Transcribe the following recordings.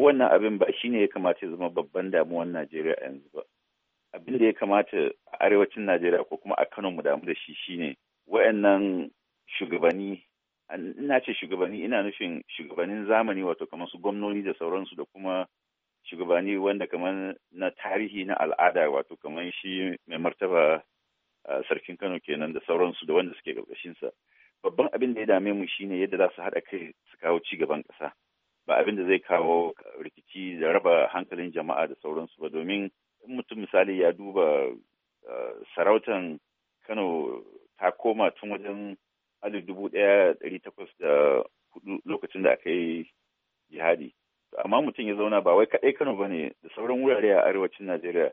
wannan abin ba shi ne ya kamata ya zama babban damuwan najeriya yanzu ba abin da ya kamata a arewacin najeriya ko kuma a kano mu damu da shi shine wayannan shugabanni ina ce shugabanni ina nufin shugabannin zamani wato kamar su gwamnoni da sauransu da kuma shugabanni wanda kamar na tarihi na al'ada wato kamar shi mai martaba sarkin kano kenan da sauransu da wanda suke ƙarƙashinsa babban abin da ya dame mu shine yadda za su haɗa kai su kawo zai kawo rikici da raba hankalin jama'a da sauransu ba domin mutum misali ya duba eh, sarautan kano ta koma tun wajen alif dubu ɗaya dari takwas da hudu lokacin da aka yi jihadi amma mutum ya zauna ba wai kaɗai kano ba ne da sauran wurare a arewacin najeriya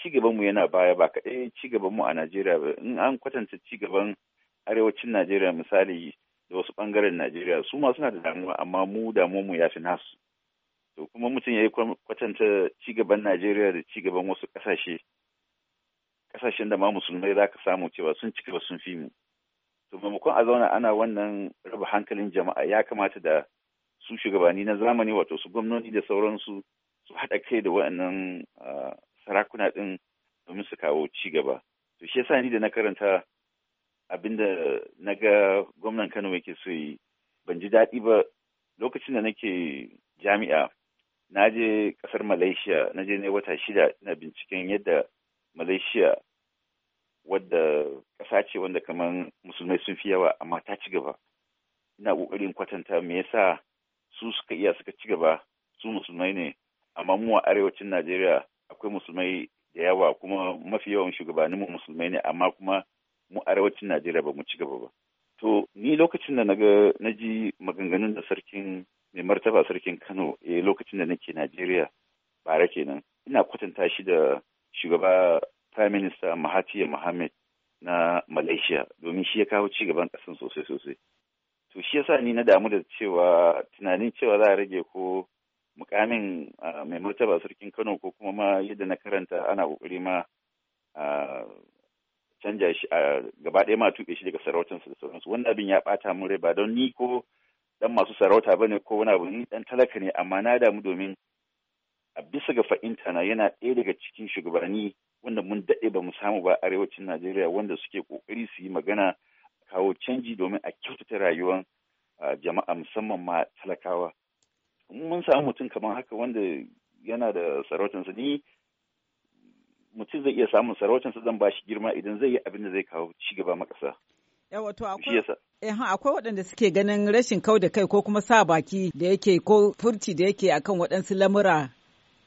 cigabanmu yana baya ba kaɗai cigabanmu a najeriya ba in an kwatanta cigaban arewacin najeriya misali wasu bangaren Najeriya su ma suna da damuwa amma mu damuwa mu ya fi nasu to kuma mutum ya yi kwatanta cigaban Najeriya da cigaban wasu ƙasashe ƙasashen da ma musulmai za ka samu cewa sun cika sun fi mu to maimakon a zauna ana wannan raba hankalin jama'a ya kamata da su shugabanni na zamani wato su gwamnoni da sauransu su haɗa kai da waɗannan ah, sarakuna ɗin domin su kawo ci gaba to shi yasa ni da na karanta abinda na ga gwamnan Kano yake so yi ban ji daɗi ba lokacin da nake jami'a na je ƙasar Malaysia na je ne wata shida na binciken yadda Malaysia wadda ƙasa ce wanda kamar musulmai sun fi yawa amma ta ci gaba ina ƙoƙarin kwatanta me yasa su suka iya suka ci gaba su musulmai ne amma mu a arewacin Najeriya akwai musulmai da yawa kuma mafi yawan shugabanninmu musulmai ne amma kuma mu arewacin Najeriya ba mu ci gaba ba. To ni lokacin da na ga na ji maganganun da sarkin mai martaba sarkin Kano eh lokacin da nake Najeriya bara kenan ina kwatanta shi da shugaba Prime Minister Mahathir Mohamed na Malaysia domin shi ya kawo ci gaban ƙasan sosai sosai. To shi yasa ni na damu da cewa tunanin cewa za a rage ko mukamin ah, mai martaba sarkin Kano ko kuma ma yadda na karanta ana kokari ma ah, canja shi a gaba ɗaya ma tuɓe shi daga sarautansa da sauransu wannan abin ya ɓata mun rai ba don ni ko dan masu sarauta ba ne ko wani abu ni dan talaka ne amma na damu domin a bisa ga fahimta na yana ɗaya daga cikin shugabanni wanda mun daɗe ba mu samu ba arewacin Najeriya wanda suke ƙoƙari su yi magana kawo canji domin a kyautata rayuwar jama'a musamman ma talakawa. Mun samu mutum kamar haka wanda yana da sarautansa ni mutum zai iya samun sarautar sa zan bashi girma idan zai yi abin da zai kawo ci gaba ma ƙasa. Eh, akwai waɗanda suke ganin rashin kau da kai ko kuma sa baki da yake ko furci da yake akan waɗansu lamura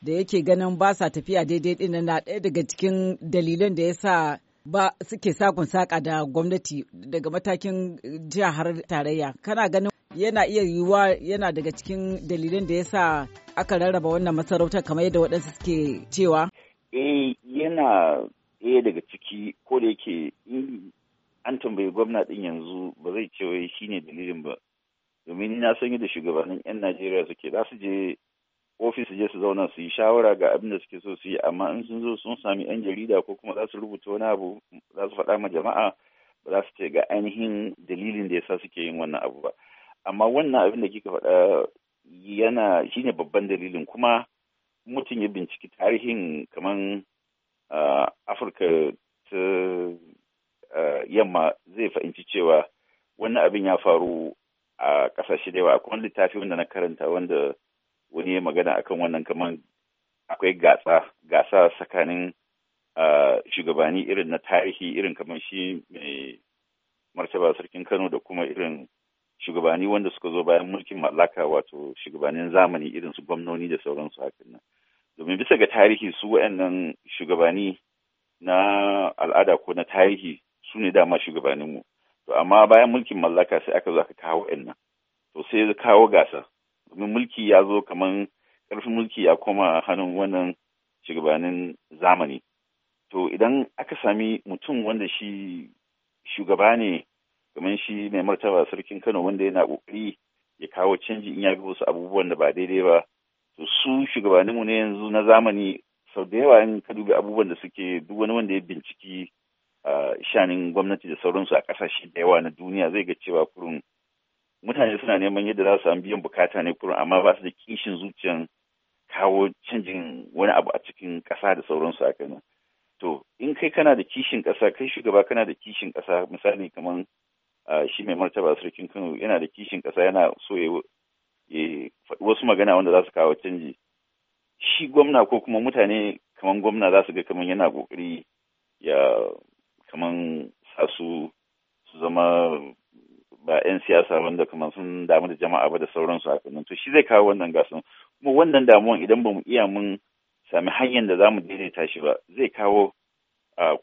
da yake ganin ba sa tafiya daidai ɗin na ɗaya daga cikin dalilan da ya sa ba suke sakun saka da gwamnati daga matakin jihar tarayya kana ganin yana iya yiwuwa yana daga cikin dalilan da ya sa aka rarraba wannan masarautar kamar yadda waɗansu suke cewa eh yana ɗaya daga ciki ko da yake in an tambayi gwamna ɗin yanzu ba zai ce wai shine dalilin ba domin na san yadda shugabannin 'yan najeriya suke za su je ofis je su zauna su yi shawara ga abin da suke so su yi amma in sun zo sun sami 'yan jarida ko kuma za su rubuta wani abu za su faɗa ma jama'a ba za su ce ga ainihin dalilin da ya sa suke yin wannan abu ba amma wannan abin da kika faɗa yana shine babban dalilin kuma mutum ya binciki tarihin kamar afirka ta yamma zai fahimci cewa wannan abin ya faru a ƙasashe da yawa akwai wani littafi wanda na karanta wanda wani ya magana akan wannan kamar akwai gasa gasa tsakanin shugabanni irin na tarihi irin kamar shi mai martaba sarkin kano da kuma irin shugabanni wanda suka zo bayan mulkin mallaka wato shugabannin zamani irin su gwamnoni da sauransu hakan nan domin bisa ga tarihi su wa'annan shugabanni na al'ada ko na tarihi su ne dama shugabanninmu to amma bayan mulkin mallaka sai aka zo aka kawo wa'annan to sai ya kawo gasa domin mulki ya zo kamar ƙarfin mulki ya koma hannun wannan shugabannin zamani to idan aka sami mutum wanda shi shugaba ne kamar shi mai martaba sarkin kano wanda yana ƙoƙari ya kawo canji in ya ga wasu abubuwan da ba daidai ba su shugabanninmu ne yanzu na zamani sau da yawa in ka duba abubuwan da suke duk wani wanda ya binciki shanin gwamnati da sauransu a ƙasashe da yawa na duniya zai ga cewa kurun mutane suna neman yadda za su samu biyan bukata ne kurun amma ba su da kishin zuciyan kawo canjin wani abu a cikin ƙasa da sauransu a kano to in kai kana da kishin ƙasa kai shugaba kana da kishin ƙasa misali kamar shi mai martaba sarkin kano yana da kishin ƙasa yana so ya wasu magana wanda za su kawo canji shi gwamna ko kuma mutane kamar gwamna za su ga kaman yana kokari ya kaman sa su zama ba 'yan siyasa wanda kaman sun damu da jama'a ba da sauransu a nan to shi zai kawo wannan gasan kuma wannan damuwan idan ba mu iya mun sami hanyar da za mu daidaita shi ba zai kawo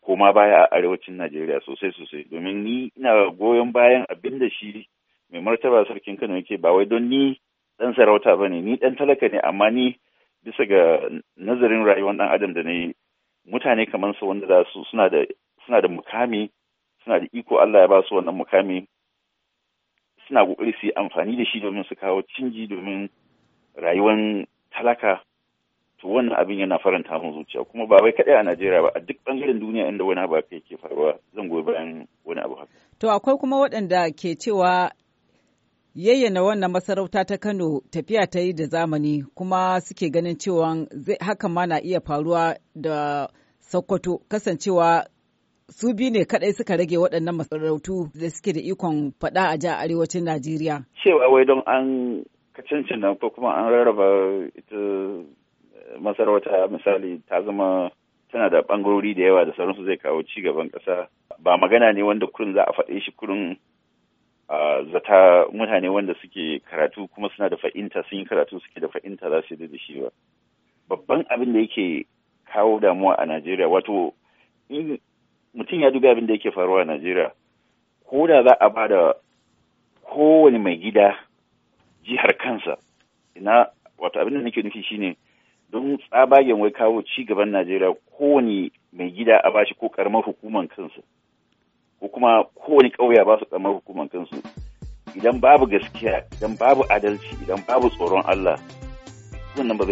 koma baya a arewacin Najeriya sosai sosai domin ni ina goyon bayan abin da shi mai martaba sarkin Kano yake ba wai don ni ɗan sarauta ba ne ni ɗan talaka ne amma ni bisa ga nazarin rayuwar ɗan adam da na yi mutane kamar su wanda za su suna da mukami suna da iko Allah ya ba su wannan mukami suna kokari su yi amfani da shi domin su kawo cinji domin rayuwar talaka to wannan abin yana faranta mun zuciya kuma ba wai kaɗai a Najeriya ba a duk bangaren duniya inda wani abu haka yake faruwa zan goyi bayan wani abu haka. To akwai kuma waɗanda ke cewa yayyana wannan masarauta ta Kano tafiya ta yi da zamani kuma suke ganin cewa haka ma na iya faruwa da Sokoto kasancewa su biyu ne kadai suka rage waɗannan masarautu da suke da ikon faɗa a ja arewacin Najeriya. Cewa wai don an kacancin nan ko kuma an rarraba ita eh, masarauta misali ta zama tana da bangarori da yawa da sauransu zai kawo ci gaban ƙasa ba magana ne wanda kurin za a faɗe shi kurin zata mutane wanda suke karatu kuma suna da fa'inta sun yi karatu suke da fa'inta za su yi da shi ba babban abin da yake kawo damuwa a najeriya wato mutum ya dubi abin da yake faruwa a najeriya ko da za a ba da kowane mai gida jihar kansa ina wato abin da nake nufi shine don tsabagen wai kawo ci gaban najeriya kowane mai gida a bashi ko karamar hukuman kansa ko kuma kowane ƙauya ba su kamar hukumar kansu idan babu gaskiya idan babu adalci idan babu tsoron Allah wannan ba